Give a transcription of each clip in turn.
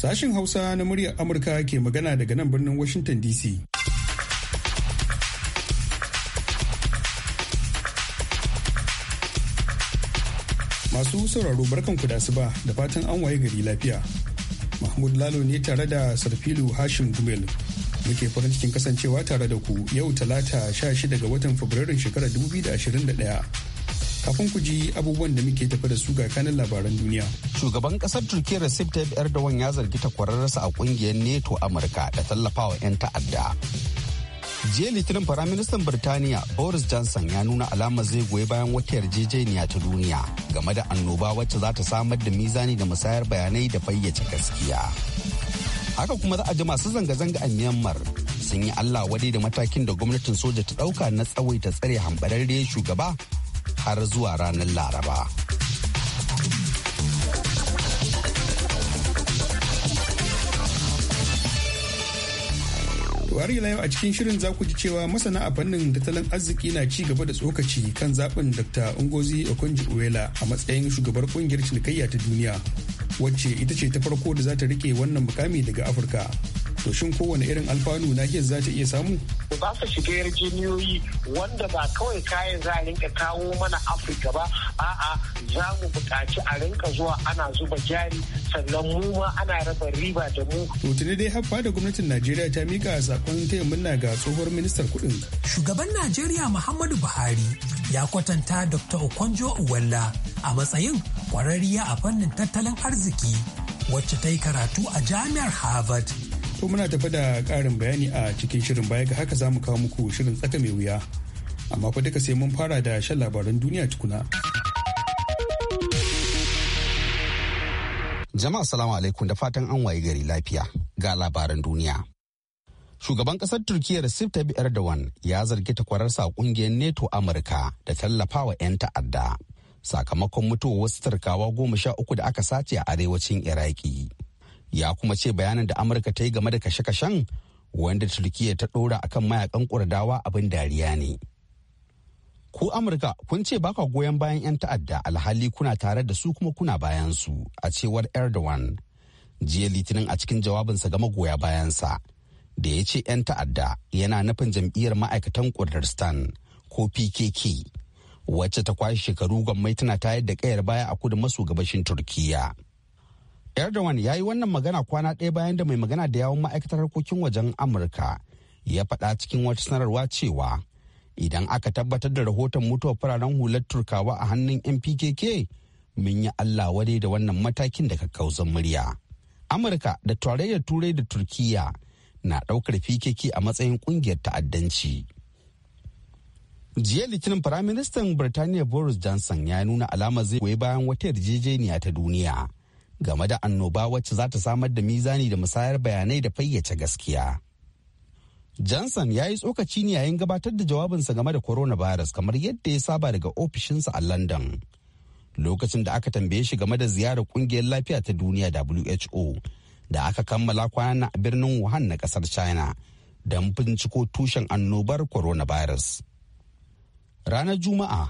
Sashen Hausa na muryar Amurka ke magana daga nan birnin Washington DC. Masu sauraro barkanku da ba da fatan an waye gari lafiya. Mahmud Lalo ne tare da Sarfilu Hashim Gumel. Muke farin cikin kasancewa tare da ku yau talata 16 ga watan Fabrairun shekarar 2021. kafin ku ji abubuwan da muke tafi da su ga kanin labaran duniya. Shugaban kasar Turkiyya Recep Tayyip Erdogan ya zargi takwararsa a kungiyar NATO Amurka da tallafawa 'yan ta'adda. Jiya Litinin Firaministan Birtaniya Boris Johnson ya nuna alamar zai goyi bayan wata yarjejeniya ta duniya game da annoba wacce za ta samar da mizani da musayar bayanai da fayyace gaskiya. Haka kuma za a ji masu zanga-zanga a Myanmar sun yi Allah wadai da matakin da gwamnatin soja ta ɗauka na tsawaita tsare ya shugaba har zuwa ranar Laraba. Wari yau a cikin shirin za ku ji cewa masana a fannin tattalin arziki na ci gaba da tsokaci kan zaɓin Dr. Ngozi okonjo Uwela a matsayin shugabar kungiyar cinikayya ta duniya, wacce ita ce ta farko da za ta rike wannan mukami daga Afirka. to shin kowane irin alfanu na nahiyar za ta iya samu? Ba su shiga yarjejeniyoyi wanda ba kawai kayan za a rinka kawo mana Afirka ba, a'a za mu buƙaci a rinka zuwa ana zuba jari sannan mu ma ana raba riba da mu. To tuni dai haffa da gwamnatin Najeriya ta mika sakon taya murna ga tsohuwar ministar kuɗin. Shugaban Najeriya Muhammadu Buhari ya kwatanta Dr. Okonjo Uwalla a matsayin kwararriya a fannin tattalin arziki wacce ta yi karatu a jami'ar Harvard. To muna tafi da karin bayani a cikin shirin baya ga haka za mu kawo muku shirin tsaka mai wuya. Amma fa duka sai mun fara da shan labaran duniya tukuna. Jama'a salamu alaikum da fatan an waye gari lafiya ga labaran duniya. Shugaban kasar Turkiyya Recep Tayyip Erdogan ya zargi takwararsa a kungiyar NATO Amurka da tallafawa 'yan ta'adda sakamakon mutuwa wasu tarkawa goma sha uku da aka sace a arewacin Iraki. ya kuma ce bayanin da amurka ta yi game da kashe-kashen wanda turkiyya ta ɗora kan mayakan kurdawa abin dariya ne ku amurka kun ce baka goyon bayan 'yan ta'adda alhali kuna tare da su kuma kuna bayan su a cewar erdogan jiya litinin a cikin jawabinsa ga magoya bayansa da ya ce 'yan ta'adda yana nufin jam'iyyar ma'aikatan kurdistan ko pkk wacce ta kwashe shekaru gwammai tana tayar da kayar baya a kudu maso gabashin turkiyya Erdogan ya yi wannan magana kwana ɗaya bayan da mai magana da yawon ma'aikatar harkokin wajen Amurka ya faɗa cikin wata sanarwa cewa idan aka tabbatar da rahoton mutuwar fararen hular Turkawa a hannun MPKK mun yi Allah wadai da wannan matakin da kakkauzan murya. Amurka da tarayyar Turai da Turkiyya na ɗaukar PKK a matsayin ƙungiyar ta'addanci. Jiya Litinin Firaministan Birtaniya Boris Johnson ya nuna alamar zai goyi bayan wata yarjejeniya ta duniya. game da annoba wacce za ta samar da mizani da musayar bayanai da fayyace gaskiya. Johnson ya yi tsokaci ne yayin gabatar da jawabinsa game da coronavirus kamar yadda ya saba daga ofishinsa a London. Lokacin da aka tambaye shi game da ziyarar kungiyar lafiya ta duniya WHO da aka kammala kwana a birnin Wuhan na kasar China don binciko tushen annobar coronavirus. Ranar Juma'a,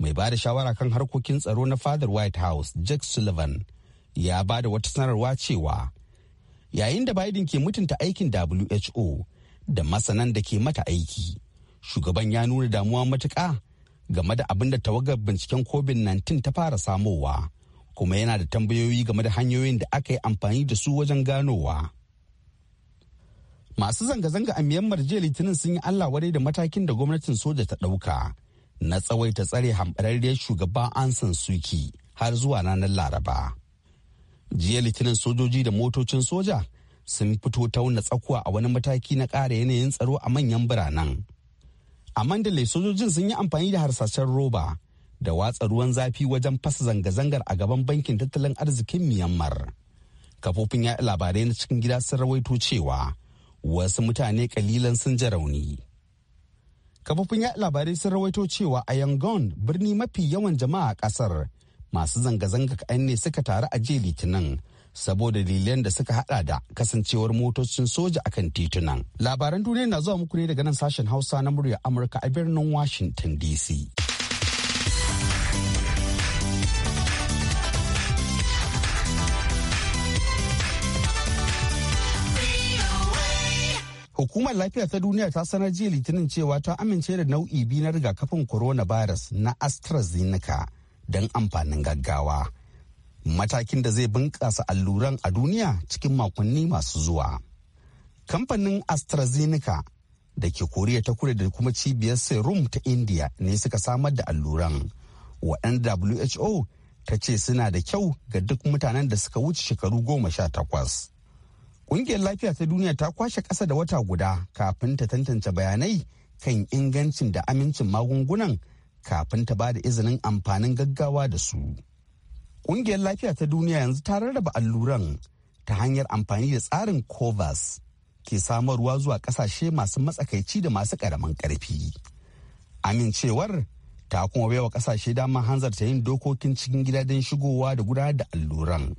mai ba da shawara kan harkokin tsaro na father White House, Jack Sullivan, ya ba da wata sanarwa cewa yayin da Biden ke mutunta aikin WHO da masanan da ke mata aiki, shugaban ya nuna damuwa matuƙa game da abin da tawagar binciken COVID-19 ta fara samowa, kuma yana da tambayoyi game da hanyoyin da aka yi amfani da su wajen ganowa. Masu zanga-zanga a Myanmar jiya Litinin sun yi Allah wadai da matakin da gwamnatin soja ta ɗauka na tsawaita tsare hambararriyar shugaba Ansan Suki har zuwa ranar Laraba. jiya litinin sojoji da motocin soja sun fito ta tauna tsakuwa a wani mataki na ƙara yanayin tsaro a manyan biranen a mandalay sojojin sun yi amfani da harsashen roba da watsa ruwan zafi wajen fasa zanga-zangar a gaban bankin tattalin arzikin myanmar kafofin ya labarai na cikin gida sun rawaito cewa wasu mutane kalilan sun ji rauni kafofin ya labarai sun rawaito cewa a yangon birni mafi yawan jama'a a kasar masu zanga-zanga kaɗan ne suka taru a jiya litinin saboda dalilan da suka hada da kasancewar motocin soja akan titunan labaran duniya na zuwa muku ne daga nan sashen hausa na murya amurka a birnin washington dc Hukumar lafiya ta duniya ta sanar jiya litinin cewa ta amince da nau'i biyu na rigakafin coronavirus na AstraZeneca don amfanin gaggawa matakin da zai bunƙasa alluran a duniya cikin makonni masu zuwa kamfanin astrazeneca da ke koriya ta kure da kuma cibiyar serum ta india ne suka samar da alluran wa who ta ce suna da kyau ga duk mutanen da suka wuce shekaru goma sha takwas ƙungiyar lafiya ta duniya ta kwashe ƙasa da wata guda kafin ta tantance bayanai kan ingancin da amincin magungunan kafin ta ba da izinin amfanin gaggawa da su. Ƙungiyar lafiya ta duniya yanzu ta rarraba alluran ta hanyar amfani da tsarin covas ke samarwa zuwa ƙasashe masu matsakaici da masu ƙaramin ƙarfi. Amincewar ta kuma baiwa ƙasashe damar hanzarta yin dokokin cikin gida don shigowa da gudanar da alluran.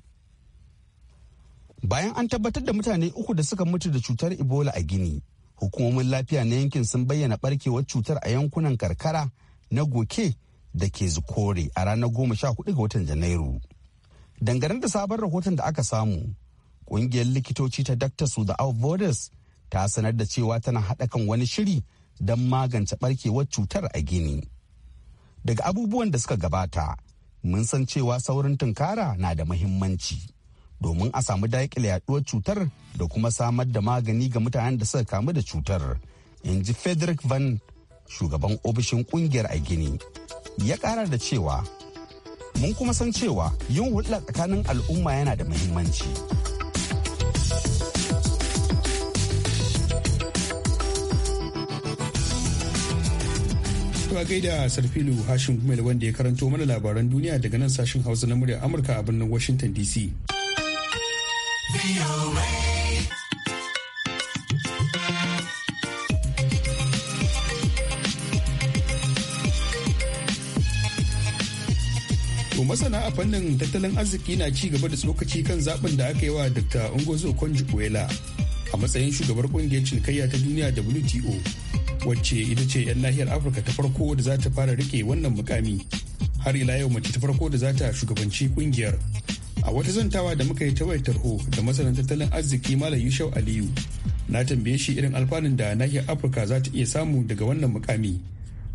Bayan an tabbatar da mutane uku da suka mutu da cutar Ebola a Gini, hukumomin lafiya na yankin sun bayyana barkewar cutar a yankunan karkara na goke da ke zukore a ranar goma sha hudu ga watan janairu dangane da sabon rahoton da aka samu kungiyar likitoci ta dr sudha'u borders ta sanar da cewa tana haɗa kan wani shiri don magance barkewar cutar a gini daga abubuwan da suka gabata mun san cewa saurin tunkara na da muhimmanci domin a samu daƙile yaduwar cutar da kuma samar da magani ga mutanen da suka kamu da cutar in ji frederick van shugaban ofishin kungiyar a gini ya kara da cewa mun kuma san cewa yin hulɗa tsakanin al'umma yana da muhimmanci. a gaida Sarfilu Hashim Gumel wanda ya karanto mana labaran duniya daga nan sashen Hausa na muryar Amurka a birnin Washington DC. masana a fannin tattalin arziki na ci gaba da tsokaci kan zaɓin da aka yi wa Dr. Ungozo okonjo iweala a matsayin shugabar kungiyar cinikayya ta duniya WTO wacce ita ce 'yan nahiyar Afirka ta farko da za ta fara rike wannan mukami har ila yau mace ta farko da za ta shugabanci kungiyar. A wata zantawa da muka yi ta wayar tarho da masanin tattalin arziki Malam Yushau Aliyu na tambaye shi irin alfanun da nahiyar Afirka za ta iya samu daga wannan mukami.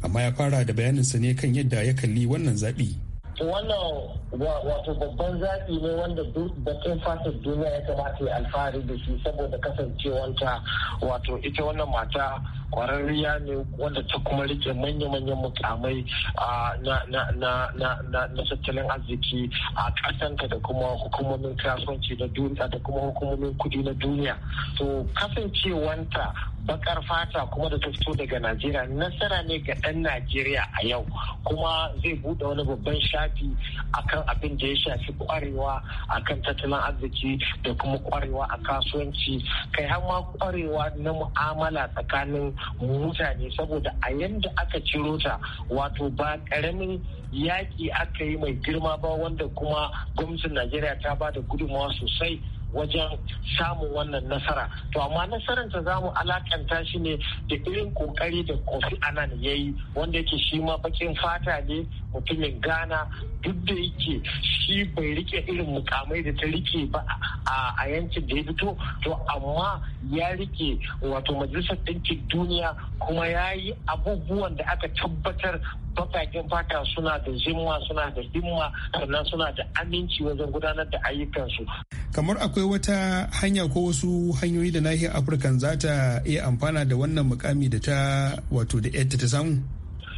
amma ya fara da bayaninsa ne kan yadda ya kalli wannan zaɓi. wannan wato babban zaɓi ne wanda duk bakin fatar duniya ya kamata ya alfahari da shi saboda kasancewanta wato ita wannan mata kwararriya ne wanda ta kuma rike manya-manyan mukamai na tattalin arziki a kasanta da kuma hukumomin kasuwanci na duniya da kuma hukumomin kudi na duniya to kasancewanta bakar fata kuma da ta fito daga najeriya nasara ne ga ɗan najeriya a yau kuma zai bude wani babban shafi akan abin da ya shafi kwarewa akan tattalin arziki da kuma kwarewa a kasuwanci kai har ma kwarewa na mu'amala tsakanin mutane saboda a yanda aka ciro ta wato ba karamin yaƙi aka yi mai girma ba wanda kuma gwamnatin najeriya ta ba da gudunmawa sosai wajen samun wannan nasara to amma nasarar ta zamu alakanta shi ne da irin kokari da kofi anan ya yi wanda yake shi ma bakin fata ne mutumin ghana duk da yake shi bai rike irin mukamai da ta rike ba a yankin da ya fito to amma ya rike wato majalisar ɗinkin duniya kuma ya yi abubuwan da aka tabbatar mafakin fata suna da zimwa suna da himma sannan suna da aminci wajen gudanar da ayyukansu. kamar akwai wata hanya ko wasu hanyoyi da nahiyar afirka za ta iya amfana da wannan mukami da ta wato da ta samu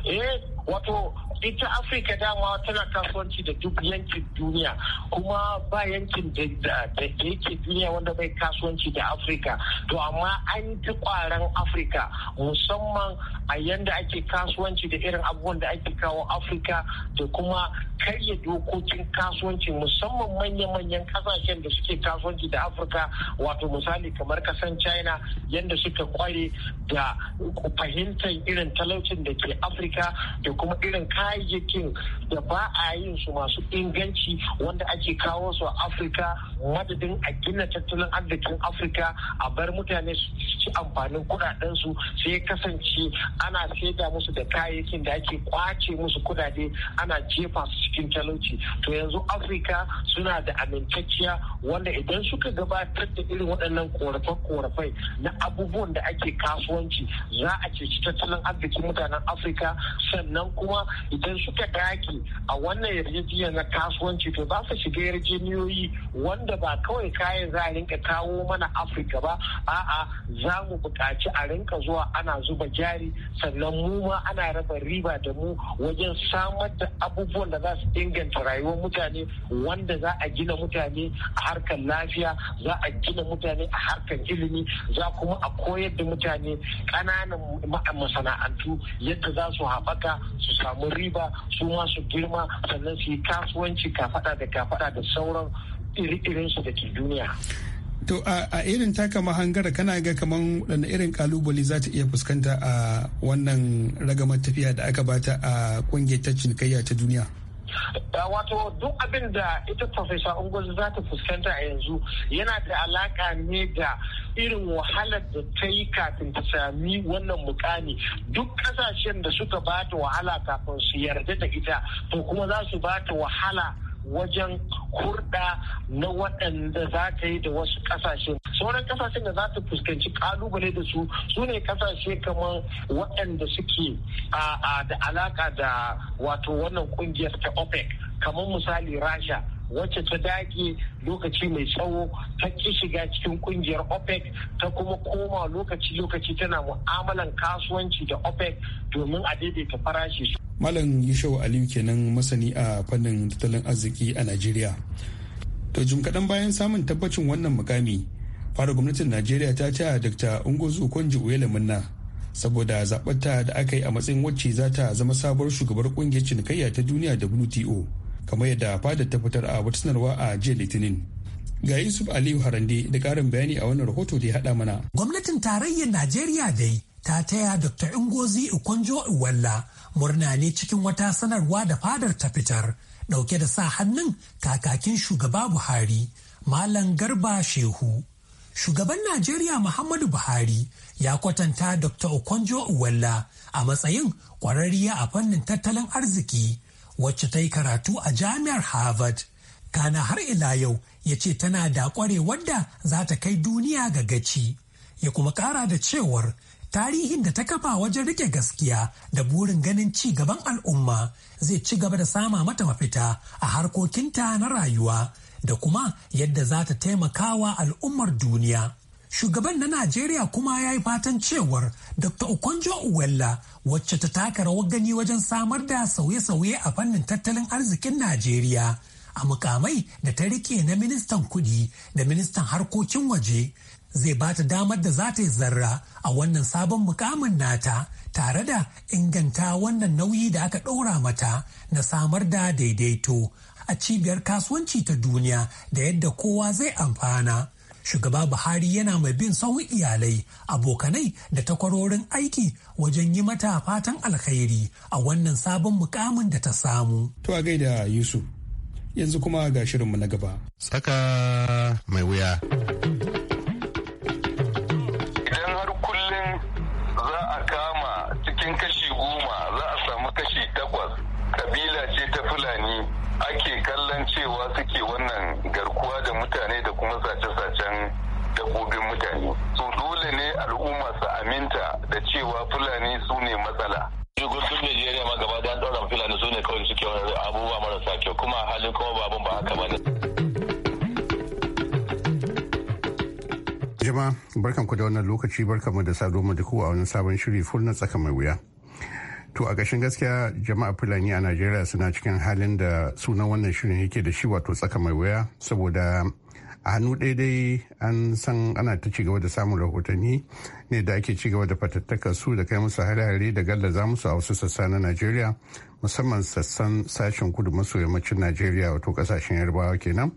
eh wato ita afirka dama tana kasuwanci da duk yankin duniya kuma ba yankin da yake duniya wanda bai kasuwanci da afirka to amma an ji kwaran afirka musamman a yanda ake kasuwanci da irin abubuwan da ake kawo afirka da kuma karya dokokin kasuwanci musamman manya-manyan kasashen da suke kasuwanci da afirka wato misali kamar kasan china yanda suka kware da fahimtar irin talaucin da ke afirka da kuma irin kayan kayayyakin da ba a yin su masu inganci wanda ake kawo su a afirka madadin a gina tattalin arzikin afirka a bar mutane su ci amfanin su sai kasance ana saida musu da kayayyakin da ake kwace musu kudade ana jefa su cikin talauci to yanzu afirka suna da amintacciya wanda idan suka gabatar da irin waɗannan korafe-korafai na abubuwan da ake kasuwanci za a ceci tattalin arzikin mutanen afirka sannan kuma idan suka daki a wannan yarjejeniya na kasuwanci to za su shiga yarjejeniyoyi wanda ba kawai kayan za a rinka kawo mana afirka ba a'a za mu buƙaci a rinka zuwa ana zuba jari sannan mu ma ana raba riba da mu wajen samar da abubuwan da za su inganta rayuwar mutane wanda za a gina mutane a harkar lafiya za a gina mutane a harkar ilimi za kuma a koyar da mutane ƙananan masana'antu yadda za su haɓaka su samu riba riba su ma su girma sannan su yi kasuwanci kafada da kafada da sauran irin su da ke duniya. To a irin taka mahangara kana ga kamar wadanne irin kalubale za ta iya fuskanta a wannan ragamar tafiya da aka bata a kungiyar ta cinikayya ta duniya? Eh, wato duk abin da ita profesa ungozi za ta fuskanta a yanzu yana da alaka ne da irin wahalar da ta yi kafin ta sami wannan mukami duk kasashen da suka ba ta wahala kafin su yarda da ita to kuma za su ba ta wahala wajen kurɗa na waɗanda za ta yi da wasu ƙasashe sauran ƙasashen da za ta fuskanci ƙalubale da su su ne ƙasashe kamar waɗanda suke da alaƙa da wato wannan ƙungiyar ta opec kamar misali rasha wacce ta dage lokaci mai tsawo ta ki shiga cikin kungiyar opec ta kuma koma lokaci-lokaci tana mu'amalan kasuwanci da opec domin a daidaita farashi malam yishau aliyu kenan masani a fannin tattalin arziki a najeriya to jim kaɗan bayan samun tabbacin wannan mukami fara gwamnatin najeriya ta ce dr ungozu kwanji uyalamunna munna saboda zaɓarta da aka yi a matsayin wacce za ta zama sabuwar shugabar ƙungiyar cinikayya ta duniya wto kamar yadda fadar ta fitar a wata sanarwa a jiya litinin ga yusuf aliyu harande da karin bayani a wannan rahoto da ya haɗa mana gwamnatin tarayyar najeriya dai ta taya dr ingozi ikonjo iwalla murna ne cikin wata sanarwa da fadar ta fitar dauke da sa hannun kakakin shugaba buhari malam garba shehu shugaban najeriya muhammadu buhari ya kwatanta dr okonjo iwalla a matsayin kwararriya a fannin tattalin arziki wacce ta yi karatu a jami'ar Harvard. Kana har ila yau ya ce tana da kware da za ta kai duniya ga gaci. Ya kuma ƙara da cewar tarihin da ta kafa wajen rike gaskiya da burin ganin ci gaban al'umma zai ci gaba da sama mata mafita a harkokinta na rayuwa da kuma yadda za ta taimakawa al'ummar duniya. Shugaban na Najeriya kuma ya yi fatan cewar Dr. Okonjo Uwella wacce ta taka rawar gani wajen samar da sauye-sauye a fannin tattalin arzikin Najeriya a mukamai da ta rike na ministan kudi da ministan harkokin waje zai ba ta damar da za ta yi zarra a wannan sabon mukamin nata tare da inganta wannan nauyi da aka ɗora mata na samar da daidaito a cibiyar kasuwanci ta duniya da yadda kowa zai amfana. shugaba buhari yana mai bin sahun iyalai abokanai da takwarorin aiki wajen yi mata fatan alkhairi a wannan sabon mukamin da ta samu to a gaida yusuf yanzu kuma ga shirinmu na gaba tsaka mai wuya idan har kullum za kama cikin kashi goma za samu kashi takwas kabila ce ta fulani ake kallon cewa suke wannan garkuwa da mutane da kuma sace dabbobin mutane so dole ne al'umma su aminta da cewa fulani su ne matsala gurgun najeriya ma gaba da ɗaura fulani su ne kawai suke abubuwa marasa kyau kuma halin kuma abin ba haka ba ne jama'a ku da wannan lokaci mu da sadoma da kowa wani sabon shiri ful tsaka mai wuya to a gashin gaskiya jama'a fulani a najeriya suna cikin halin da sunan wannan shirin yake da shi wato tsaka mai wuya saboda a hannu ɗaya dai an san ana ta ci gaba da samun rahotanni ne da ake ci gaba da fatattakar su da kai musu hare-hare da gallaza musu a wasu sassa na najeriya musamman sassan sashen kudu maso yammacin najeriya wato kasashen yarbawa kenan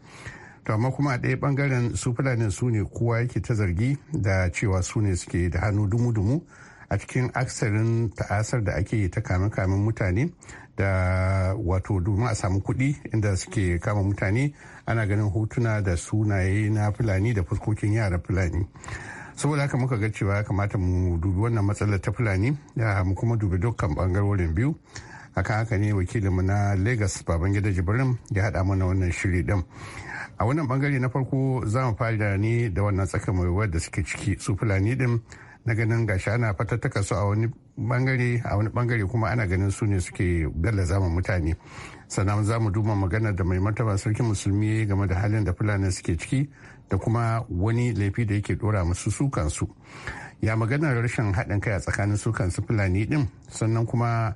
to amma kuma a ɗaya bangaren su fulanin su ne kowa yake ta zargi da cewa su ne suke da hannu dumu-dumu a cikin aksarin ta'asar da ake yi ta kame-kamen mutane da wato domin a samu kuɗi inda suke kama mutane ana ganin hotuna da sunaye na fulani da fuskokin yara fulani saboda haka muka ga cewa kamata mu dubi wannan matsalar ta fulani da mu kuma dubi dukkan bangarorin biyu akan haka ne wakilinmu na lagos babangida jibrin ya haɗa mana wannan shiri ɗin a wannan bangare na farko za mu fara ne da wannan tsakamaiwar da suke ciki su fulani ɗin na ganin gashi ana fatattaka su a wani bangare a wani bangare kuma ana ganin su ne suke gallaza ma mutane sannan za mu duba maganar da mai martaba sarkin musulmi ya yi game da halin da fulani suke ciki da kuma wani laifi da yake dora musu su kansu ya maganar rashin haɗin kai a tsakanin su fulani ɗin sannan kuma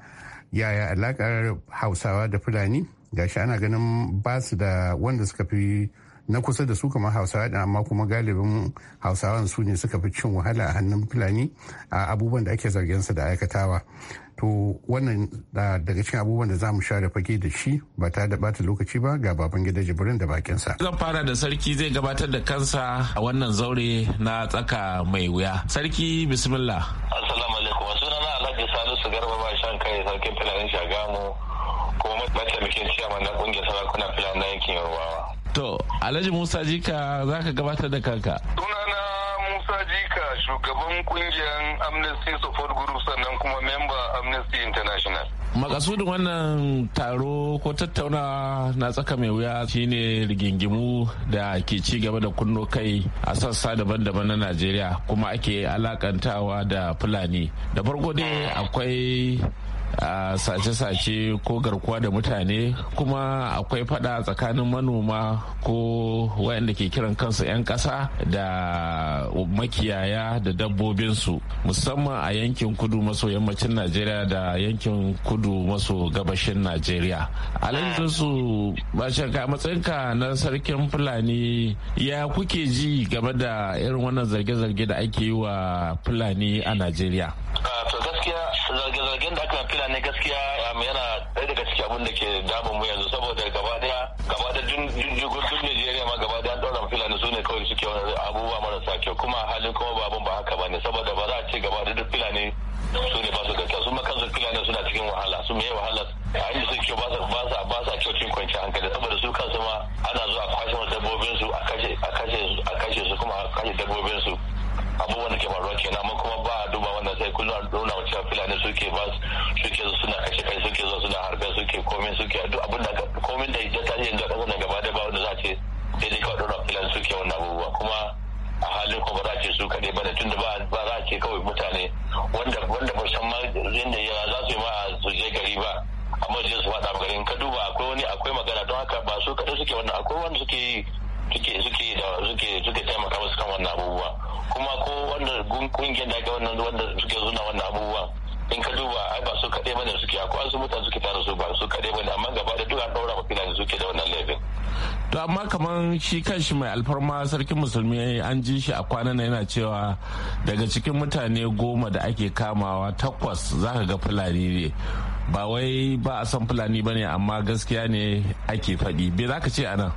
yaya alaƙar hausawa da fulani gashi ana ganin ba su da wanda suka fi na kusa da su kamar hausawa ɗin amma kuma galibin hausawan su ne suka fi cin wahala a hannun fulani a abubuwan da ake zargin su da aikatawa to wannan daga cikin abubuwan da za mu share fage da shi ba ta da bata lokaci ba ga baban gida jibrin da bakinsa zan fara da sarki zai gabatar da kansa a wannan zaure na tsaka mai wuya sarki bismillah assalamu alaikum sunana alhaji salisu garba ba shan kai sarkin fulani shagamu kuma mataimakin ciyama na kungiyar sarakuna na yankin yarbawa To, Alhaji Musa Jika za ka gabatar da kanka. Sunana Musa Jika shugaban kungiyar Amnesty Support Group sannan kuma memba Amnesty International. Makasudin wannan taro ko tattaunawa na tsaka mai wuya shine rigingimu da ke ci gaba da kunno kai a sassa daban-daban na Najeriya kuma ake alakantawa da Fulani. Da farko dai akwai a sace-sace ko garkuwa da mutane kuma akwai fada tsakanin manoma ko waɗanda ke kiran kansu 'yan ƙasa da makiyaya da dabbobinsu musamman a yankin kudu maso yammacin najeriya da yankin kudu maso gabashin najeriya su ka matsayinka na sarkin fulani ya kuke ji game da irin wannan zarge-zarge da ake yi wa fulani a najeriya zargin da aka ma fulani gaskiya um, yana ɗaya daga cikin abin da ke damun mu yanzu saboda gaba daya gaba da jirgin Najeriya ma gaba daya ɗaura fulani su ne kawai suke wani abubuwa marasa kyau kuma halin kuma ba abin ba haka ba ne saboda ba za a ce gaba da duk fulani su ne ba su gaskiya su ma kansu fulani suna cikin wahala su me wahala a inda suke ba su ba su a kyau cin kwanci hankali saboda su kansu ma ana zuwa kwashe dabbobinsu a a kashe su kuma a kashe dabbobinsu abubuwan da ke faruwa kenan amma kuma ba a duba wannan sai kullum a nuna wa filani fulani suke ba suke zo suna kashe kai suke zo suna harbe suke komai suke duk abin da komai da ya ta yanzu a ƙasar na gaba da ba wanda za a ce sai dai kawai filani fulani suke wannan abubuwa kuma a halin ko ba za a ce su kaɗai ba da da ba za a ce kawai mutane wanda wanda ba san ma yadda yawa za su yi ma a su je gari ba amma je su faɗa garin ka duba akwai wani akwai magana don haka ba su kaɗai suke wannan akwai wanda suke yi suke suke da suke suke taimaka musu kan wannan abubuwa kuma ko wanda kungiyar da ga wannan wanda suke zuna wannan abubuwan in ka duba ai ba su kaɗai bane suke ko an su mutane suke tare su ba su kaɗai bane amma gaba da duka ɗaura ba filan suke da wannan laifin. to amma kamar shi kanshi mai alfarma sarkin musulmi an ji shi a kwanan yana cewa daga cikin mutane goma da ake kamawa takwas za ka ga fulani ne ba wai ba a san fulani ba ne amma gaskiya ne ake faɗi bai ka ce anan.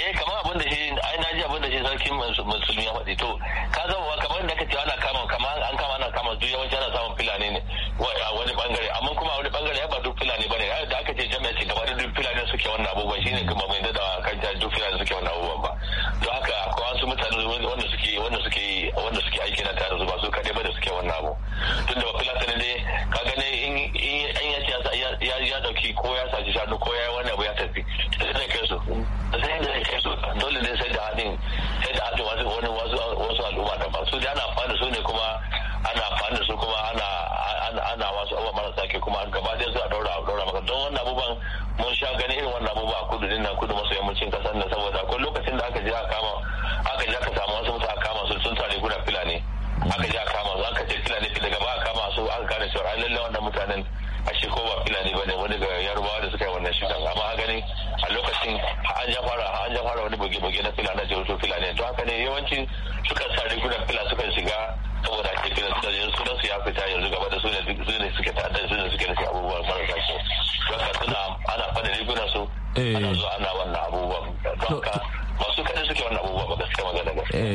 eh kamar abin da shi ai na ji abin da shi sarkin musulmi ya faɗi to ka zama kamar da kace ana kama kamar an kama ana kama duk yawanci ana samun filani ne a wani bangare amma kuma a wani bangare ya ba duk filani bane ai da aka ce jami'a ce gaba da duk filani suke wannan abubuwan shine kuma mai da kan ta duk filani suke wannan abubuwan ba don haka akwai wasu mutane wanda suke wanda suke wanda suke aiki na tare su ba su kaɗai ba da suke wannan abu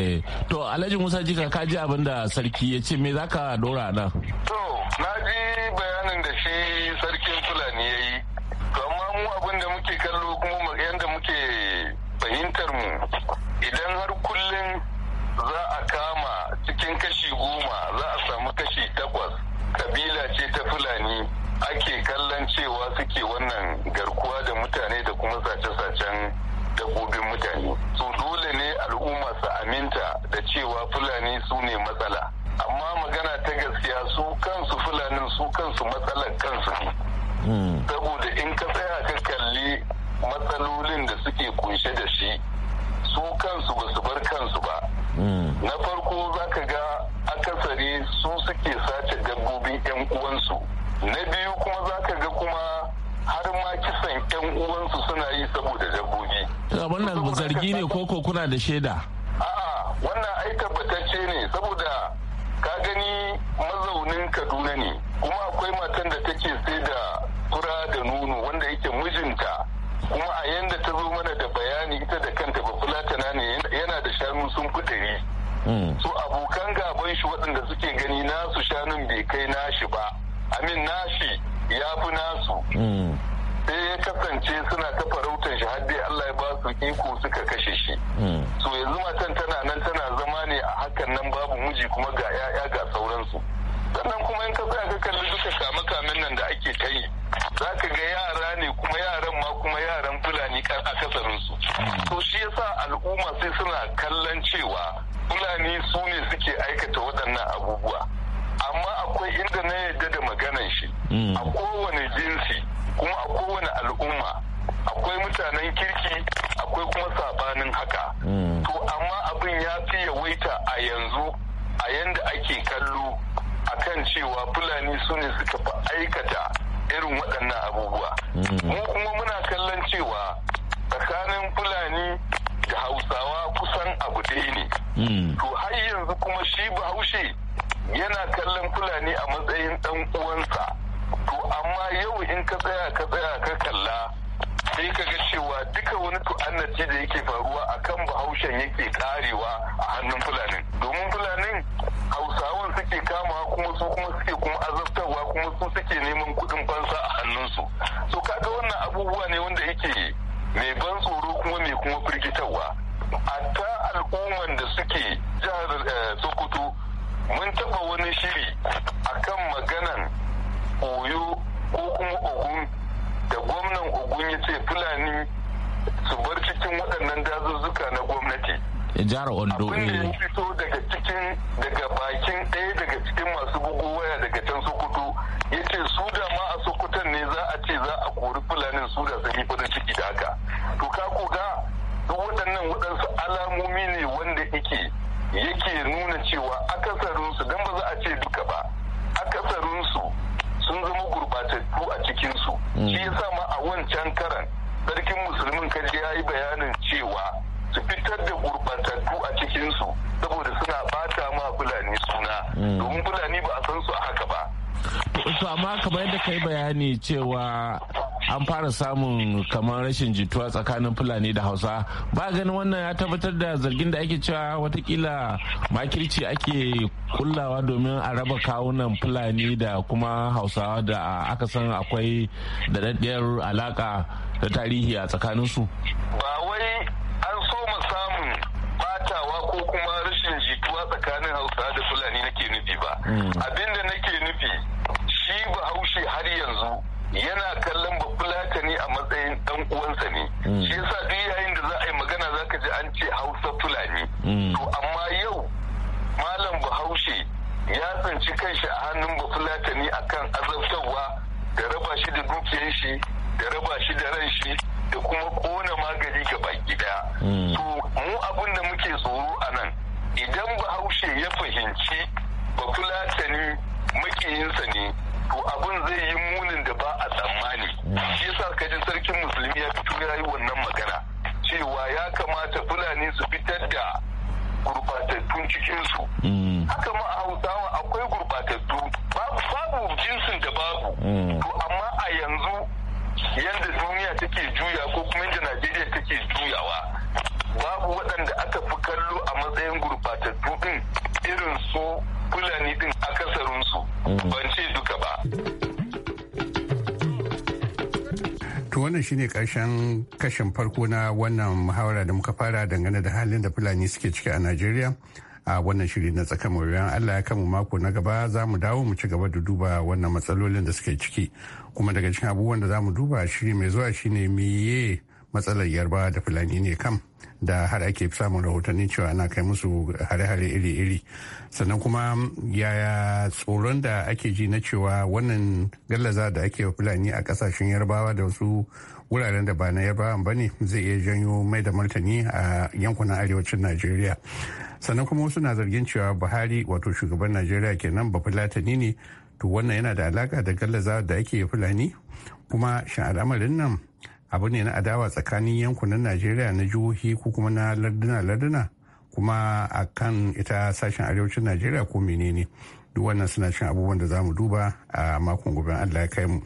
Eh, to alhaji musa jika ka ji abin da sarki ya ce me za ka dora nan to na ji bayanin da shi sarkin fulani ya yi to amma mu abin da muke kallo kuma yadda muke fahimtar mu idan har kullum za a kama cikin kashi goma za a samu kashi takwas kabila ce ta fulani ake kallon cewa suke wannan garkuwa da mutane da kuma sace-sacen dabbobin mutane so dole ne al'umma su aminta da cewa fulani su ne matsala amma magana ta gaskiya su kansu fulanin su kansu matsalar kansu ne hmm. saboda in ka tsaya ka kalli matsalolin da suke kunshe da shi su kansu ba su bar kansu ba hmm. na farko za ka ga akasari su suke sace dabbobin 'yan uwansu na biyu kuma za ka ga kuma har ma kisan 'yan uwansu suna yi saboda dabbobi wannan zargi ne koko kuna da shaida a'a wannan ai tabbatacce ne saboda ka gani mazaunin kaduna ne kuma akwai matan da take sai da kura da nono wanda yake mijinta kuma a yanda ta zo mana da bayani ita da kanta ba fulatana ne yana da shanu sun fi ɗari hmm. so abokan gaban shi waɗanda suke gani nasu shanun bai kai nashi ba amin nashi ya fi nasu hmm. sai eh, ya kasance suna ta farautar shi har dai Allah ya ba su iko suka kashe shi hmm. so yanzu matan tana nan tana zama ne a hakan nan babu miji kuma ga yaya ga sauransu sannan kuma in ka tsaya ka kalli duka kame kamen nan da ake ta yi za ka ga yara ne kuma yaran ma kuma yaran fulani kan akasarin su hmm. to shi yasa al'umma sai suna kallon cewa fulani su ne suke aikata waɗannan abubuwa amma akwai inda na yadda da maganan shi mm. a kowane jinsi kuma a kowane al'umma akwai mutanen kirki akwai kuma sabanin haka mm. to amma abin ya fi yawaita a yanzu a yanda ake kallo a kan cewa fulani su ne suka fi aikata irin waɗannan abubuwa mm. mu kuma muna kallon cewa tsakanin fulani da hausawa kusan abu ɗaya ne to har yanzu kuma shi bahaushe yana kallon fulani a matsayin dan uwansa to amma yau in ka tsaya ka tsaya ka kalla sai ka ga cewa duka wani tu'annaci da yake faruwa a kan bahaushen yake karewa a hannun fulanin domin fulanin hausawan suke kama kuma su kuma suke kuma azabtarwa kuma su suke neman kudin fansa a hannunsu to kaga wannan abubuwa ne wanda yake mai ban tsoro kuma mai kuma firgitarwa ta al'umman da suke jihar eh, sokoto mun taba wani shiri a kan maganan oyo ko kuma ogun da gwamnan ogun ya ce fulani su bar cikin waɗannan dazuzzuka na gwamnati ondo abin ya eh. fito daga cikin daga bakin ɗaya daga cikin masu bugu waya daga can sokoto ya ce su da ma a sokotan ne za a ce za a kori fulanin su da sun yi farin ciki da haka to ka koga duk waɗannan waɗansu alamomi ne wanda ike yake nuna cewa akasarinsu don ba za a ce duka ba akasarinsu sun zama gurbatattu a cikinsu hmm. shi yasa ma a wancan karan sarkin musulmin kaji ya yi bayanin cewa su fitar da gurbatattu a cikinsu saboda suna bata ma fulani suna hmm. domin fulani ba a san su a haka ba to amma kamar yadda kai bayani cewa an fara samun kamar rashin jituwa tsakanin fulani da hausa ba ganin wannan ya tabbatar da zargin da ake cewa watakila makirci ake kullawa domin a raba kawunan fulani da kuma hausawa da aka san akwai daɗaɗɗiyar alaka da tarihi a tsakaninsu ba wai an so samun fatawa ko kuma rashin jituwa tsakanin Hausa da fulani nake nufi ba hmm. abinda nake nufi shi bahaushe har yanzu yana kallon bafulata ne a matsayin ɗan uwansa ne hmm. shi yasa duk yayin da za a yi magana ka ji an ce hausa fulani hmm. to amma yau malam bahaushe ya tsinci kanshi a hannun bafulata ne akan azabtarwa da raba shi da dukiyar shi da raba shi da ran shi da kuma kona magani ga baki daya hmm. to mu abin da muke tsoro a nan idan bahaushe ya fahimci bafulatani makiyinsa ne to abin zai yi munin da ba a tsammani shi yasa kajin sarkin musulmi ya fito ya yi wannan magana cewa ya kamata fulani su fitar da gurbatattun cikinsu mm. haka ma a hausawa akwai gurbatattu babu jinsin da babu mm. to amma a yanzu yadda duniya take juya ko kuma yadda najeriya take juyawa babu waɗanda aka fi kallo a matsayin gurbatattu din irin su fulani din akasarin wannan shine karshen kashin farko na wannan muhawara da muka fara dangane da halin da fulani suke ciki a najeriya a wannan shiri na tsakan wuyan allah ya kama mako na gaba za mu dawo mu ci gaba da duba wannan matsalolin da suke ciki kuma daga cikin abubuwan da za mu duba shiri mai zuwa shine miye matsalar yarba da fulani ne kam da har ake samun rahotanni cewa ana kai musu hare-hare iri-iri sannan kuma yaya tsoron da ake ji na cewa wannan gallaza da ake fulani a kasashen yarbawa da wasu wuraren da ba na yarbawa ba ne zai iya janyo mai da martani a yankunan arewacin najeriya sannan kuma wasu na zargin cewa buhari wato shugaban najeriya kenan ba fulatani ne to wannan yana da alaka da gallaza da ake fulani kuma shan al'amarin nan abu ne na adawa tsakanin yankunan najeriya na jihohi ko kuma na larduna-larduna kuma a kan ita sashen arewacin najeriya ko menene duk wannan suna cin abubuwan da za mu duba a makon gobe allah ya kai mu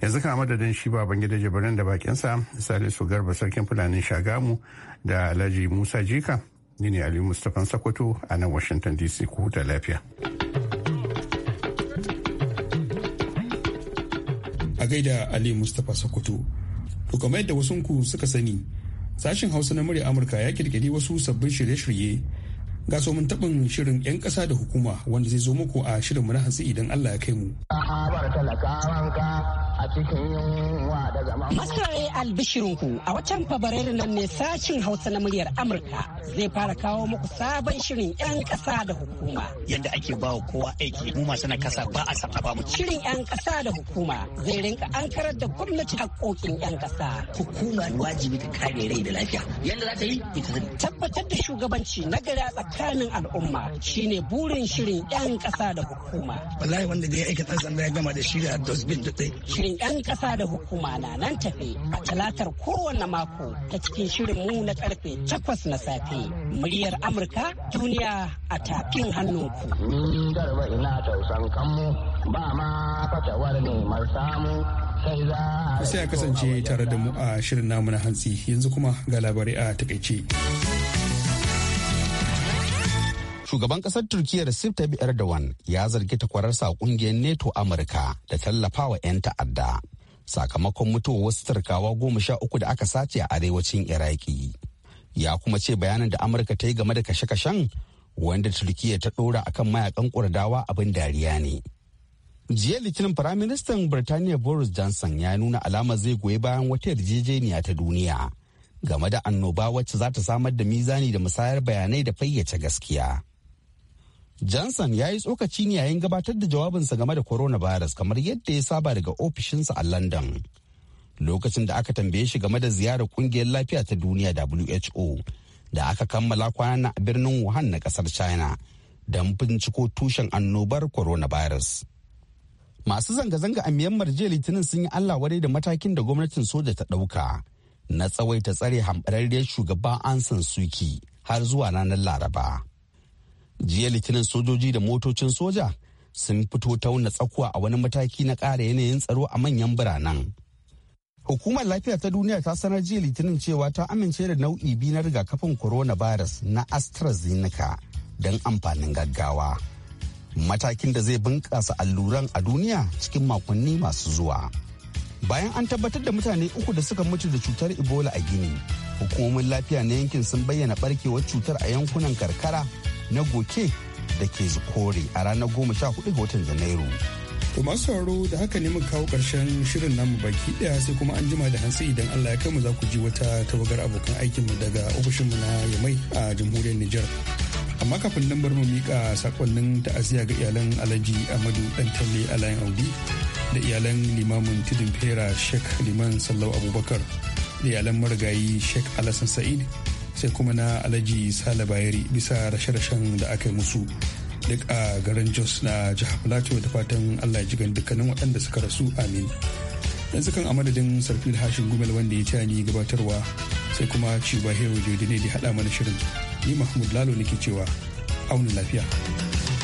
yanzu kan madadin shi ban gida jibirin da bakinsa salisu garba sarkin fulanin shagamu da alhaji musa jika ni ne ali mustapha sakoto a nan washington dc ku huta lafiya a gaida ali mustapha sokoto To kamar yadda wasunku suka sani, sashen Hausa na murya Amurka ya kirkiri wasu sabbin shirye-shirye ga somin taɓin shirin 'yan ƙasa da hukuma wanda zai zo muku a shirinmu na hatsi idan Allah ya kai mu. a cikin yunwa da zama. Masarai albishirinku a watan Fabrairu nan ne sashin Hausa na muryar Amurka zai fara kawo muku sabon shirin 'yan ƙasa da hukuma. Yadda ake ba wa kowa aiki mu masu na kasa ba a san ba mu. Shirin 'yan ƙasa da hukuma zai rinka ankarar da gwamnati haƙoƙin 'yan ƙasa. Hukuma wajibi ta kare rai da lafiya. Yadda za ta yi ita zai. Tabbatar da shugabanci na gari tsakanin al'umma shine burin shirin 'yan ƙasa da hukuma. Wallahi wanda da ya aikata sanda ya gama da shi da dosbin da yi. shirin 'yan ƙasa da hukuma na nan tafe a talatar kowane mako ta cikin shirin mu na karfe takwas na safe. Muryar Amurka duniya a tafin hannun ku. garba ina tausan sai a kasance tare da mu a shirin namu na hantsi yanzu kuma ga labarai a takaice. Shugaban kasar Turkiyya Recep Tayyip Erdogan ya zargi ta takwararsa kungiyar NATO Amurka da tallafawa 'yan ta'adda. Sakamakon mutuwa wasu turkawa goma sha uku da aka sace a arewacin Iraki. Ya kuma ce bayanin da Amurka ta yi game da kashe-kashen wanda Turkiyya ta ɗora a kan mayakan kurdawa abin dariya ne. jiya litinin firaministan birtaniya boris johnson ya nuna alama zai goyi bayan wata yarjejeniya ta duniya game da annoba wacce za ta samar da mizani da musayar bayanai da fayyace gaskiya Johnson ya yi tsokaci ne yayin gabatar da jawabinsa game da coronavirus kamar yadda ya saba daga ofishinsa a London. Lokacin da aka tambaye shi game da ziyarar kungiyar lafiya ta duniya WHO da aka kammala kwana a birnin Wuhan na kasar China don binciko tushen annobar coronavirus. Masu zanga-zanga a Myanmar jiya Litinin sun yi Allah wadai da matakin da gwamnatin soja ta ɗauka na tsawaita tsare hambararriyar shugaba Ansan Suki har zuwa ranar Laraba. jiya litinin sojoji da motocin soja sun fito tauna tsakuwa a wani mataki na ƙara yanayin tsaro a manyan biranen hukumar lafiya ta duniya ta sanar jiya litinin cewa ta amince da nau'i biyu na rigakafin coronavirus na astrazeneca don amfanin gaggawa matakin da zai bunƙasa alluran a duniya cikin makonni masu zuwa bayan an tabbatar da mutane uku da suka mutu da cutar ebola a gini hukumomin lafiya na yankin sun bayyana barkewar cutar a yankunan karkara na goke da ke zukore a ranar goma sha hudu ga watan janairu to masu sauraro da haka ne mu kawo karshen shirin namu baki daya sai kuma an jima da hantsi idan allah ya kai mu za ku ji wata tawagar abokan aikin mu daga ofishinmu na yamai a jamhuriyar nijar amma kafin nan bar mu mika sakonnin ta'aziyya ga iyalan alhaji amadu dantalle layin audi da iyalan limamin tudun fera sheikh liman sallau abubakar da iyalan marigayi sheikh alasan sa'id sai kuma na alhaji sale bayeri bisa rashe-rashen da aka yi musu duk a garin jos na jihar plateau da fatan allah ji gan dukkanin waɗanda suka rasu amin yanzu kan a madadin sarfil hashin gumel wanda ya taya ni gabatarwa sai kuma ci bahiru jodi ne da haɗa mana shirin ni mahmud lalo nake cewa auna lafiya